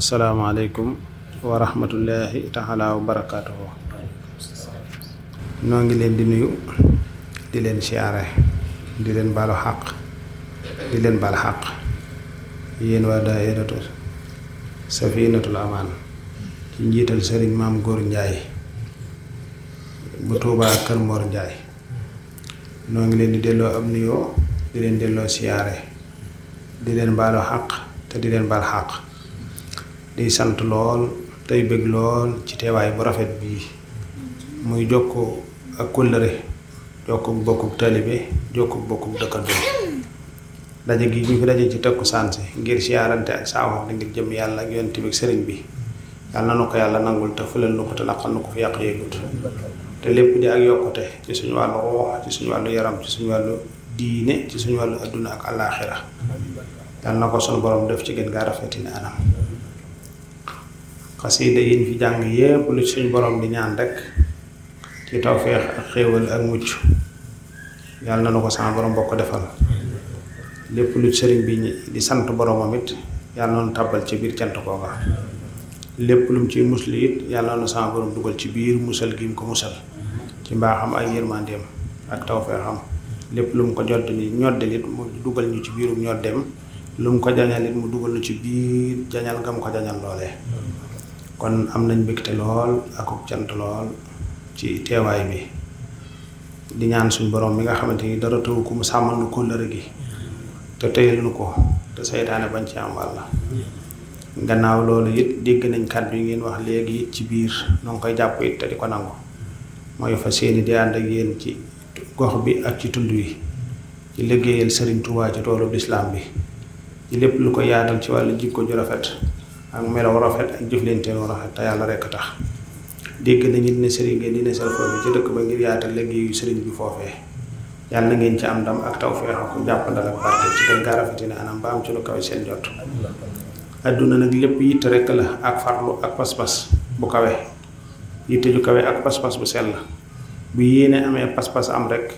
asalaamaaleykum wa rahmatullahi taala wa barakaatuhu noo ngi leen di nuyu di leen siyaare di leen baalu xaq di leen baal xaq yéen waa daayiratu safinatul amaan ci njiital sëriñ maam góor njaay bu tuubaa kër moor njaay noo ngi leen di delloo ab nuyoo di leen delloo siyaare di leen baalu xaq te di leen bal xaq di sant lool tey bëgg lool ci teewaay bu rafet bii muy jokkoo ak kóllëre jokkub bokkub talibe jokkub bokkub dëkkandoo daje gi ñu fi daje ci tekku sanse ngir siyaarante ak saawax da ngir jëm yàlla ak yonte bi sëriñ bi yàlla nanu ko yàlla nangul te fulal nu ko te laqal nu ko fi yàq yëgut te lépp di ak yokkute ci suñu wàllu woox ci suñu wàllu yaram ci suñu wàllu diine ci suñu wàllu adduna ak alaxira yal na ko borom def ci gën gaa rafetina anam xasida yin fi jàng yépp lu suñ borom di ñaan rek ci tawfeex ak xéewal ak mucc yal na ko sama borom bokk defal lépp lu sëriñ bi di sant borom amit yal na tàbbal ci biir cant kooka lépp lu mu ciy musli it yal sama borom dugal ci biir musal gi ko musal ci mbaaxam ak yërmandeem ak tawfeexam lépp lu ko jodd ni ñodde nit mu dugal ñu ci biirum ñoddem lu mu ko jañal it mu dugal lu ci biir jañal nga mu ko jañal loolee kon am nañ mbégte lool akuk cant lool ci teewaay bi di ñaan suñ borom bi nga xamante ni dara tëw ko mu sàmmal nu kóllëre gi te tëyal nu ko te seytaane bañ ci am wàll gannaaw loolu it dégg nañ kàddu yi ngeen wax léegi it ci biir noo ngi koy jàpp it te di ko nangu mooy fa seeni di ànd ak yéen ci gox bi ak ci tund wi ci liggéeyal Sëriñ Tuubaa ci toolu lislaam bi lepp lu ko yaatal ci walu jikko ju rafet ak melaw rafet ak jëflante no rafet ta yalla rek tax dégg nañu ne sëriñ ngeen dina sel ko ci dëkk ba ngir yaatal yu sëriñ bi fofé yalla ngeen ci am dam ak tawfiq feex ak jàppandal ak barke ci gën gaa rafetine anam ba am ci lu kawe seen jot aduna nak lepp yitt rek la ak farlu ak pas-pas bu kawé yitt ju kawé ak pas-pas bu sell bu yéene amé pas-pas am rek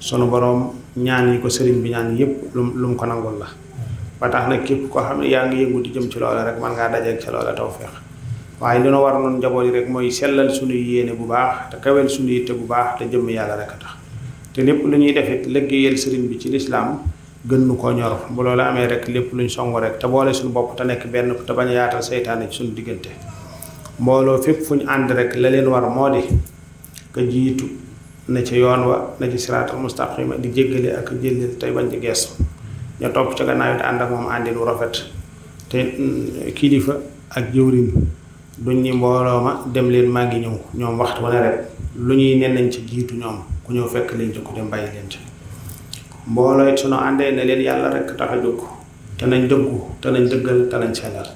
sunu borom ñaan yi ko sëriñ bi ñaan yépp lu ko nangul la ba tax nag képp ko xam ne yaa ngi yëngu di jëm ci loola rek man ngaa dajeeg ca loola tawféex waaye li nu war noonu njaboot yi rek mooy sellal sunuy yéene bu baax te kawel suñu yitte bu baax te jëmm yàlla rek a tax te lépp lu ñuy defit liggéeyal sëriñ bi ci lislaam gën nu koo ñor bu la amee rek lépp lu luñ song rek te boole suñ bopp te nekk benn te bañ a yaatal seytaane suñu diggante mbooloo fépp fu ñu ànd rek la leen war moo di ka jiitu na ci yoon wa na ci siraatal mustaqima di jéggale ak jëllil tey bañ ci geesu ña topp ca gannaaw te ànd ak moom àndin rafet te mm, kilifa ak jëwriñ duñ ni mbooloo ma dem leen maa ngi ñëw ñoom waxtu wala rek lu ñuy nen nañ ci jiitu ñoom ku ñëw fekk leen ci ku dem bàyyi leen ci mbooloo it sunu àndee ne leen yàlla rek tax a jóg te nañ dëggu te nañ dëggal te nañ sellal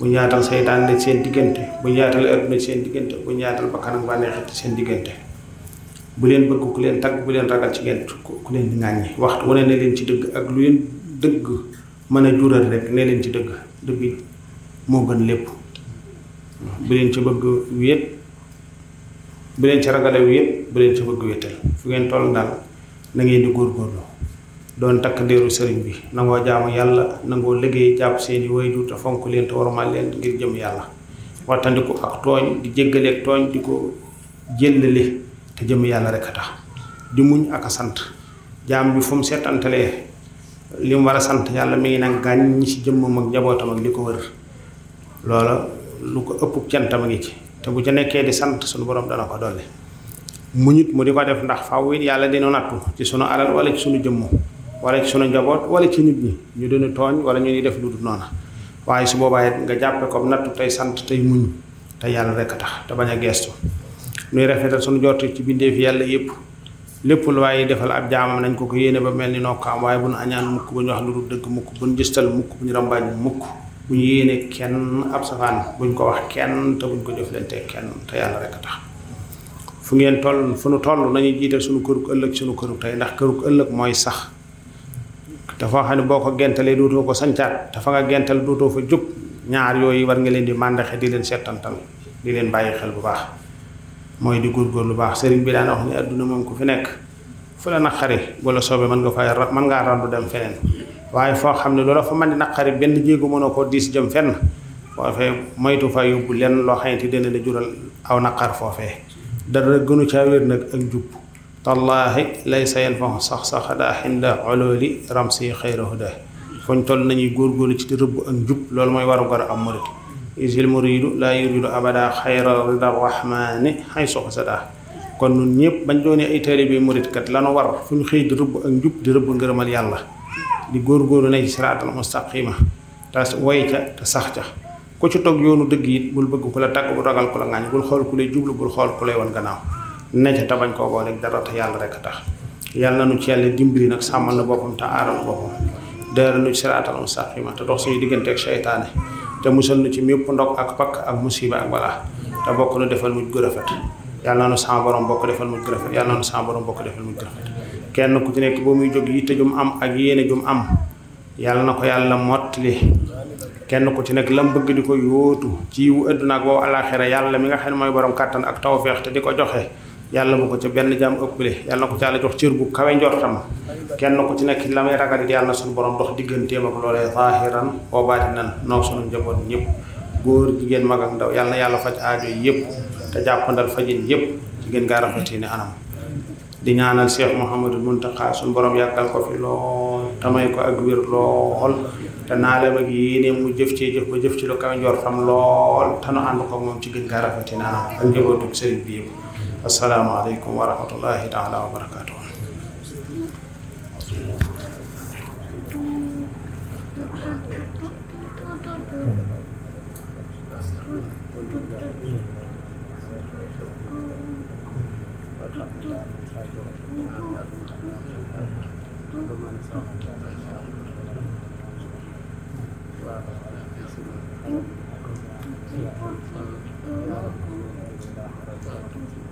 bu ñu yaatal seytaan ne seen diggante bu ñu yaatal adduna seen diggante bu ñu yaatal bakkan ak bànneex ci seen diggante bu leen bëgg ku leen tag bu leen ragal ci ngeen ku leen di ŋàññi waxtu wane ne leen ci dëgg ak lu leen dëgg mën a jural rek ne leen ci dëgg dëgg moo gën lépp bu leen ci bëgg wéet bu leen ci ragale wéet bu leen ci bëgg wéetal fu ngeen toll daal na ngeen di góorgóorlu doon takk deeru sëriñ bi nangoo jaamu yàlla nangoo liggéey jàpp way du te fonk leen te warmal leen ngir jëm yàlla wattandiku ak tooñ di jéggaleeg tooñ di ko jëllale te jëm yàlla rek a tax di muñ ak a sant jaam bi fu mu seetantalee li mu war a sant yàlla mi ngi nag gàññ ñi ci jëmmam ak njabootam ak li ko wër loola lu ko ëpp cantam ngi ci te bu ca nekkee di sant sunu borom dana ko dolli muñit mu di ko def ndax faw it yàlla dina nattu ci sunu alal wala ci sunu jëmm wala ci sunu njaboot wala ci nit ñi ñu dina tooñ wala ñu def lu dut noona waaye su boobaa nga jàppe comme nattu tey sant tey muñ te yàlla rek a tax te bañ a nuy rafetal suñu jort ci bindeef yàlla yépp lépp lu waaye defal ab jaamam nañ ko ko yéene ba mel ni noo ko am waaye bu nu añaan mukk bu ñu wax lu dul dëgg mukk bu ñu jëstal mukk bu ñu rambaaj mukk bu ñu yéene kenn ab safaan bu ñu ko wax kenn te bu ñu ko jëflante kenn te yàlla rek a tax fu ngeen toll fu nu toll nañu jiital suñu kërug ëllëg suñu kërug tey ndax kërug ëllëg mooy sax dafa xam ne boo ko gentalee dootoo ko sancaat dafa nga dootoo fa jóg ñaar yooyu war nga leen di màndaxe di leen seetantal di leen bàyyi xel bu baax mooy di góor góorgóor lu baax sëriñ bi daan wax ne adduna moom ku fi nekk fu la naqari bu la soobee mën nga fay mën ngaa randu dem feneen waaye foo xam ne loola fa mën di naqari benn jéegu mën mënoo koo diis jëm fenn foofee moytu fa yóbbu lenn loo xamante dana la jural aw naqar foofe dara gënu caa nag ak jub tallaahi lay sayeen fa sax sax daa xinda olooli ramsi xayra huda foñ toll nañuy góorgóorlu ci di rëbb ak jub loolu mooy waru gar am murit isil muridu laa yuridu abada xayral rahmaani xay soxasada kon nun ñëpp bañ doone ay taalibe murit kat lanu war fu ñu xëy di rëbb ak njub di rëbb ngërëmal yàlla di góorgóorlu na ci siraatal mustaqima te woy ca te sax ca ku ci toog yoonu dëgg it bul bëgg ku la tàgg bul ragal ku la ŋaañ bul xool ku lay jublu bul xool ku lay wan gannaaw ne ca te koo booleeg dara te yàlla rek a tax yàlla na nu ci yàlla dimbali nag sàmmal na boppam te aaral te musal nu ci mépp ndog ak pakk ak musiba ak balaa te bokk nu defal mujj gu rafet yàlla na nu sama bokk defal mujj gu yàlla na nu sama defal mujj gu kenn ku ci nekk ba muy jóg yitte jum am ak yéene jum am yàlla na ko yàlla mottali kenn ku ci nekk lam bëgg di ko yóotu ci yiwu àdduna ak wow alaaxira yàlla mi nga xam ne mooy borom kàttan ak tawféex te di ko joxe yalla mako ci ben jam jaam yalla nako ko ci jox ciir bu kawe njortam kenn nako ci nek lamay ragal di yalla suñu borom dox digganteem mako lolé zahiran wa batinan no sunu njaboot ñëpp goor jigéen mag ak ndaw yalla yalla fa faj aajo yëpp te jàppandal fajin yëpp ci gën gaa ni anam di ñaanal cheikh mohammed muntaka suñu borom yakal ko fi lool tamay ko ak wér lool te naaleem ak yéene mu jëf ci jëf ko jëf ci lu kawe njortam lool te nu ànd ko mom ci gën gaa rafetine anam ak njabootu serigne bi yëpp السلام عليكم ورحمة الله تعالى وبركاته Thank you.